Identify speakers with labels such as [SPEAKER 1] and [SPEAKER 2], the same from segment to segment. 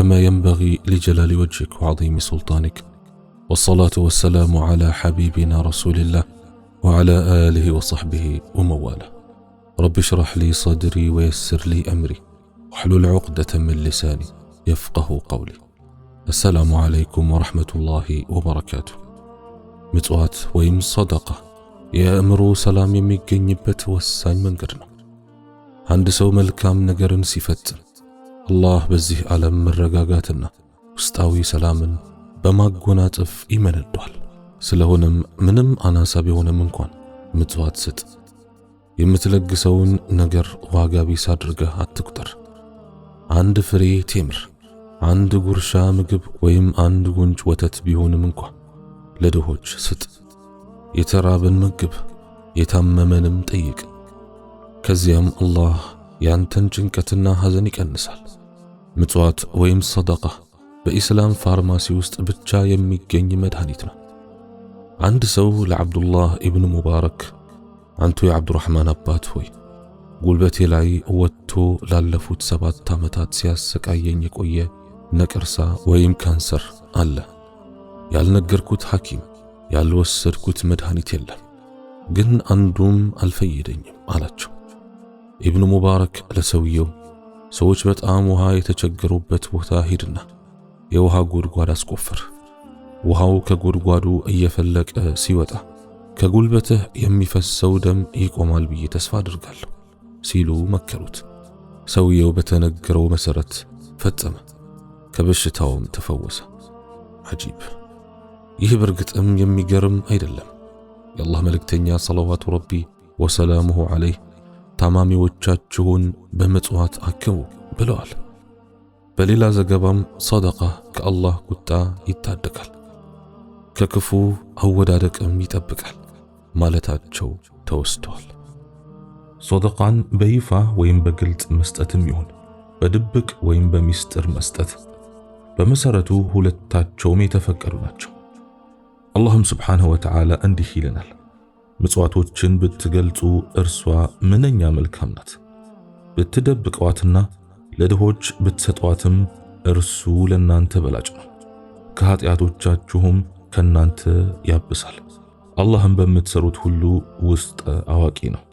[SPEAKER 1] كما ينبغي لجلال وجهك وعظيم سلطانك والصلاة والسلام على حبيبنا رسول الله وعلى آله وصحبه ومواله رب اشرح لي صدري ويسر لي أمري واحلل عقدة من لساني يفقه قولي السلام عليكم ورحمة الله وبركاته متوات ويم صدقة የአእምሮ ሰላም የሚገኝበት ወሳኝ من ነው። عند ሰው መልካም نقرن ሲፈጽም አላህ በዚህ ዓለም መረጋጋትና ውስጣዊ ሰላምን በማጎናጸፍ ይመነዷል። ስለሆነም ምንም አናሳ ቢሆንም እንኳን ምጽዋት ስጥ። የምትለግሰውን ነገር ዋጋ ቢስ አድርገህ አትቁጠር። አንድ ፍሬ ቴምር፣ አንድ ጉርሻ ምግብ ወይም አንድ ጉንጭ ወተት ቢሆንም እንኳን ለድሆች ስጥ። የተራብን ምግብ፣ የታመመንም ጠይቅ። ከዚያም አላህ ያንተን ጭንቀትና ሐዘን ይቀንሳል። ምጽዋት ወይም ሰደቃ በኢስላም ፋርማሲ ውስጥ ብቻ የሚገኝ መድኃኒት ነው። አንድ ሰው ለዓብዱላህ ኢብኑ ሙባረክ አንቱ የዓብዱራሕማን አባት ሆይ ጉልበቴ ላይ ወጥቶ ላለፉት ሰባት ዓመታት ሲያሰቃየኝ የቆየ ነቀርሳ ወይም ካንሰር አለ። ያልነገርኩት ሐኪም፣ ያልወሰድኩት መድኃኒት የለም፣ ግን አንዱም አልፈየደኝም አላቸው። ኢብኑ ሙባረክ ለሰውየው ሰዎች በጣም ውሃ የተቸገሩበት ቦታ ሂድና የውሃ ጉድጓድ አስቆፍር። ውሃው ከጉድጓዱ እየፈለቀ ሲወጣ ከጉልበትህ የሚፈሰው ደም ይቆማል ብዬ ተስፋ አድርጋለሁ ሲሉ መከሩት። ሰውየው በተነገረው መሰረት ፈጸመ፣ ከበሽታውም ተፈወሰ። አጂብ! ይህ በእርግጥም የሚገርም አይደለም። የአላህ መልእክተኛ ሰለዋቱ ረቢ ወሰላሙሁ ዓለይህ ታማሚዎቻችሁን በምጽዋት አክሙ ብለዋል። በሌላ ዘገባም ሰደቃ ከአላህ ቁጣ ይታደጋል፣ ከክፉ አወዳደቅም ይጠብቃል ማለታቸው ተወስተዋል። ሰደቃን በይፋ ወይም በግልጽ መስጠትም ይሁን በድብቅ ወይም በሚስጥር መስጠት በመሰረቱ ሁለታቸውም የተፈቀዱ ናቸው። አላህም ስብሓንሁ ወተዓላ እንዲህ ይለናል ምጽዋቶችን ብትገልጹ እርሷ ምንኛ መልካም ናት። ብትደብቀዋትና ለድሆች ብትሰጧትም እርሱ ለናንተ በላጭ ነው፣ ከኃጢአቶቻችሁም ከናንተ ያብሳል። አላህም በምትሰሩት ሁሉ ውስጥ አዋቂ ነው።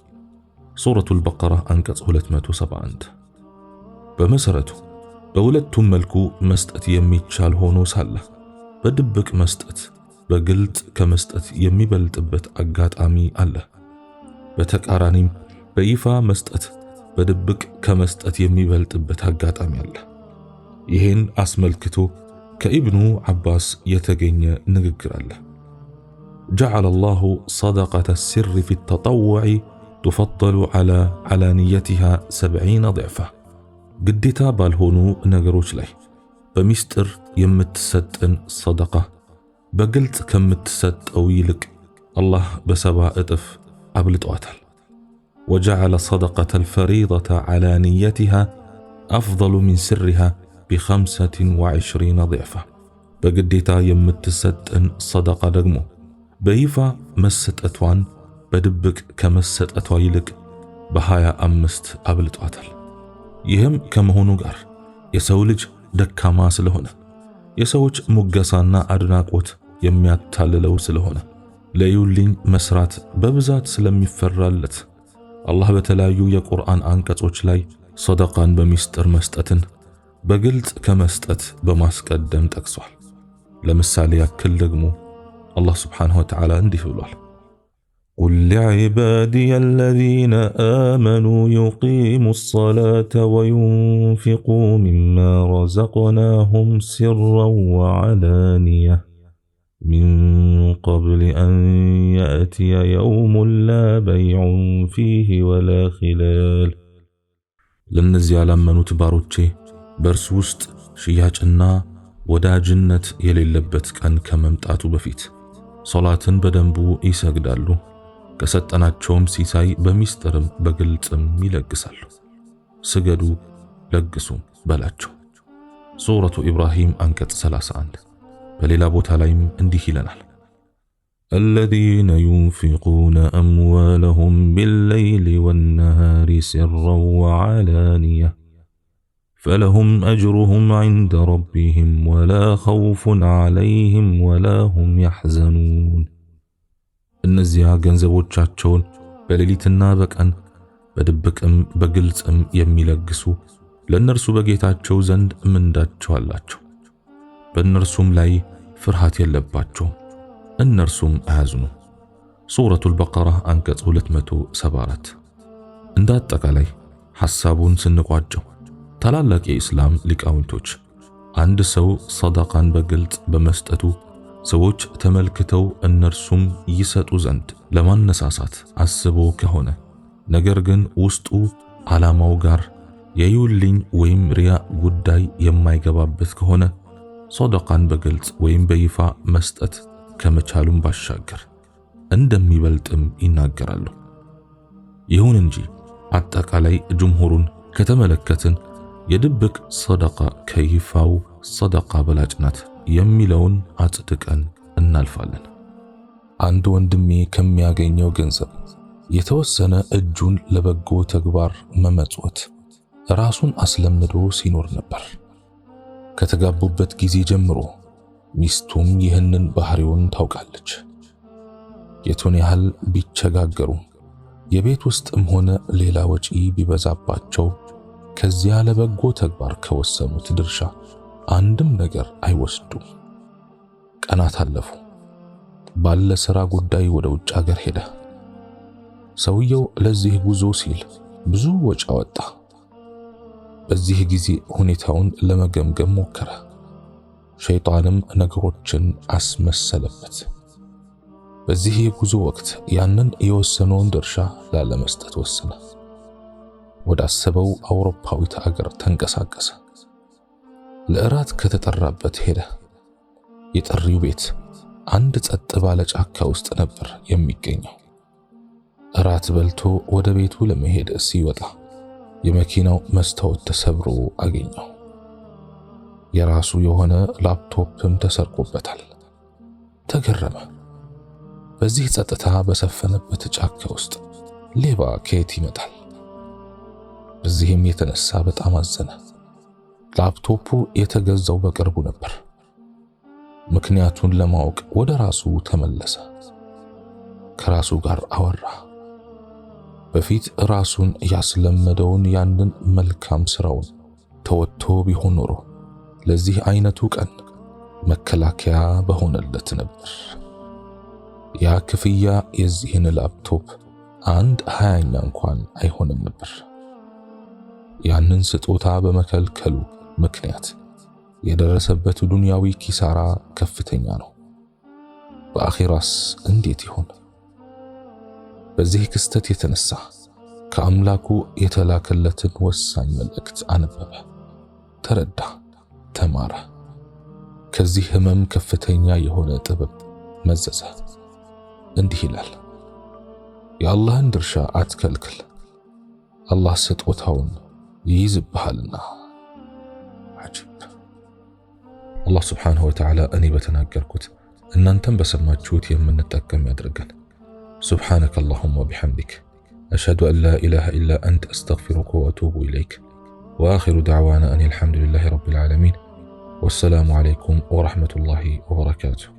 [SPEAKER 1] ሱረቱል በቀራ አንቀጽ 271 በመሰረቱ በሁለቱም መልኩ መስጠት የሚቻል ሆኖ ሳለ በድብቅ መስጠት በግልጽ ከመስጠት የሚበልጥበት አጋጣሚ አለ። በተቃራኒም በይፋ መስጠት በድብቅ ከመስጠት የሚበልጥበት አጋጣሚ አለ። ይህን አስመልክቶ ከኢብኑ ዓባስ የተገኘ ንግግር አለ። جعل الله صدقة السر في التطوع تفضل على علانيتها سبعين ضعفة ግዴታ ባልሆኑ ነገሮች ላይ በሚስጥር የምትሰጥን ሰደቃ በግልጽ ከምትሰጠው ይልቅ አላህ በሰባ እጥፍ አብልጧታል። وجعل صدقة الفريضة على نيتها أفضل من سرها بخمسة وعشرين ضعفة بقديتا يمتست أن صدقة دقمو بيفا مست أتوان بدبك كمست أتويلك بهايا أمست قبل تواتل يهم كم هونو قار يسولج دك ماس لهنا የሰዎች ሙገሳና አድናቆት የሚያታልለው ስለሆነ ለዩልኝ መስራት በብዛት ስለሚፈራለት አላህ በተለያዩ የቁርአን አንቀጾች ላይ ሰደቃን በሚስጥር መስጠትን በግልጽ ከመስጠት በማስቀደም ጠቅሷል። ለምሳሌ ያክል ደግሞ አላህ ስብሓንሁ ወተዓላ እንዲህ ብሏል
[SPEAKER 2] قل لعبادي الذين آمنوا يقيموا الصلاة وينفقوا مما رزقناهم سرا وعلانية من قبل أن يأتي يوم لا بيع فيه ولا خلال لن نزي على من تباروتي برسوست شياجنا ودا جنت يلي لبتك أن كممتعتو بفيت صلاة بدنبو إيساق دالو ከሰጠናቸውም ሲሳይ በሚስጥርም በግልጽም ይለግሳሉ። ስገዱ ለግሱም በላቸው። ሱረቱ ኢብራሂም አንቀጽ 31። በሌላ ቦታ ላይም እንዲህ ይለናል الذين ينفقون أموالهم بالليل والنهار سرا وعلانية فلهم أجرهم عند ربهم ولا خوف عليهم ولا هم يحزنون እነዚያ ገንዘቦቻቸውን በሌሊትና በቀን በድብቅም በግልጽም የሚለግሱ ለእነርሱ በጌታቸው ዘንድ ምንዳቸው አላቸው። በእነርሱም ላይ ፍርሃት የለባቸውም፣ እነርሱም አያዝኑ። ሱረቱል በቀራ አንቀጽ 274። እንደ አጠቃላይ ሐሳቡን ስንቋጨው ታላላቅ የኢስላም ሊቃውንቶች አንድ ሰው ሰደቃን በግልጽ በመስጠቱ ሰዎች ተመልክተው እነርሱም ይሰጡ ዘንድ ለማነሳሳት አስቦ ከሆነ ነገር ግን ውስጡ ዓላማው ጋር የይውልኝ ወይም ሪያ ጉዳይ የማይገባበት ከሆነ ሶደቃን በግልጽ ወይም በይፋ መስጠት ከመቻሉም ባሻገር እንደሚበልጥም ይናገራሉ። ይሁን እንጂ አጠቃላይ ጅምሁሩን ከተመለከትን የድብቅ ሰደቃ ከይፋው ሰደቃ በላጭ ናት። የሚለውን አጽድቀን እናልፋለን። አንድ ወንድሜ ከሚያገኘው ገንዘብ የተወሰነ እጁን ለበጎ ተግባር መመጽወት ራሱን አስለምዶ ሲኖር ነበር። ከተጋቡበት ጊዜ ጀምሮ ሚስቱም ይህንን ባህሪውን ታውቃለች። የቱን ያህል ቢቸጋገሩ የቤት ውስጥም ሆነ ሌላ ወጪ ቢበዛባቸው ከዚያ ለበጎ ተግባር ከወሰኑት ድርሻ አንድም ነገር አይወስዱም። ቀናት አለፉ። ባለ ስራ ጉዳይ ወደ ውጭ ሀገር ሄደ። ሰውየው ለዚህ ጉዞ ሲል ብዙ ወጪ አወጣ። በዚህ ጊዜ ሁኔታውን ለመገምገም ሞከረ። ሸይጣንም ነገሮችን አስመሰለበት። በዚህ የጉዞ ወቅት ያንን የወሰነውን ድርሻ ላለመስጠት ወሰነ። ወደ አሰበው አውሮፓዊት አገር ተንቀሳቀሰ። ለእራት ከተጠራበት ሄደ። የጠሪው ቤት አንድ ጸጥ ባለ ጫካ ውስጥ ነበር የሚገኘው። እራት በልቶ ወደ ቤቱ ለመሄድ ሲወጣ የመኪናው መስታወት ተሰብሮ አገኘው። የራሱ የሆነ ላፕቶፕም ተሰርቆበታል። ተገረመ። በዚህ ጸጥታ በሰፈነበት ጫካ ውስጥ ሌባ ከየት ይመጣል? በዚህም የተነሳ በጣም አዘነ። ላፕቶፑ የተገዛው በቅርቡ ነበር። ምክንያቱን ለማወቅ ወደ ራሱ ተመለሰ። ከራሱ ጋር አወራ። በፊት ራሱን ያስለመደውን ያንን መልካም ስራውን ተወጥቶ ቢሆን ኖሮ ለዚህ አይነቱ ቀን መከላከያ በሆነለት ነበር። ያ ክፍያ የዚህን ላፕቶፕ አንድ ሃያኛ እንኳን አይሆንም ነበር። ያንን ስጦታ በመከልከሉ ምክንያት የደረሰበት ዱንያዊ ኪሳራ ከፍተኛ ነው። በአኺራስ እንዴት ይሆን? በዚህ ክስተት የተነሳ ከአምላኩ የተላከለትን ወሳኝ መልእክት አነበበ፣ ተረዳ፣ ተማረ። ከዚህ ህመም ከፍተኛ የሆነ ጥበብ መዘዘ። እንዲህ ይላል፣ የአላህን ድርሻ አትከልክል፣ አላህ ስጦታውን ይይዝብሃልና። عجب الله سبحانه وتعالى أني بتناقر أن أنتم بس ما تشوت يمن نتأكم يا درقن سبحانك اللهم وبحمدك أشهد أن لا إله إلا أنت أستغفرك وأتوب إليك وآخر دعوانا أن الحمد لله رب العالمين والسلام عليكم ورحمة الله وبركاته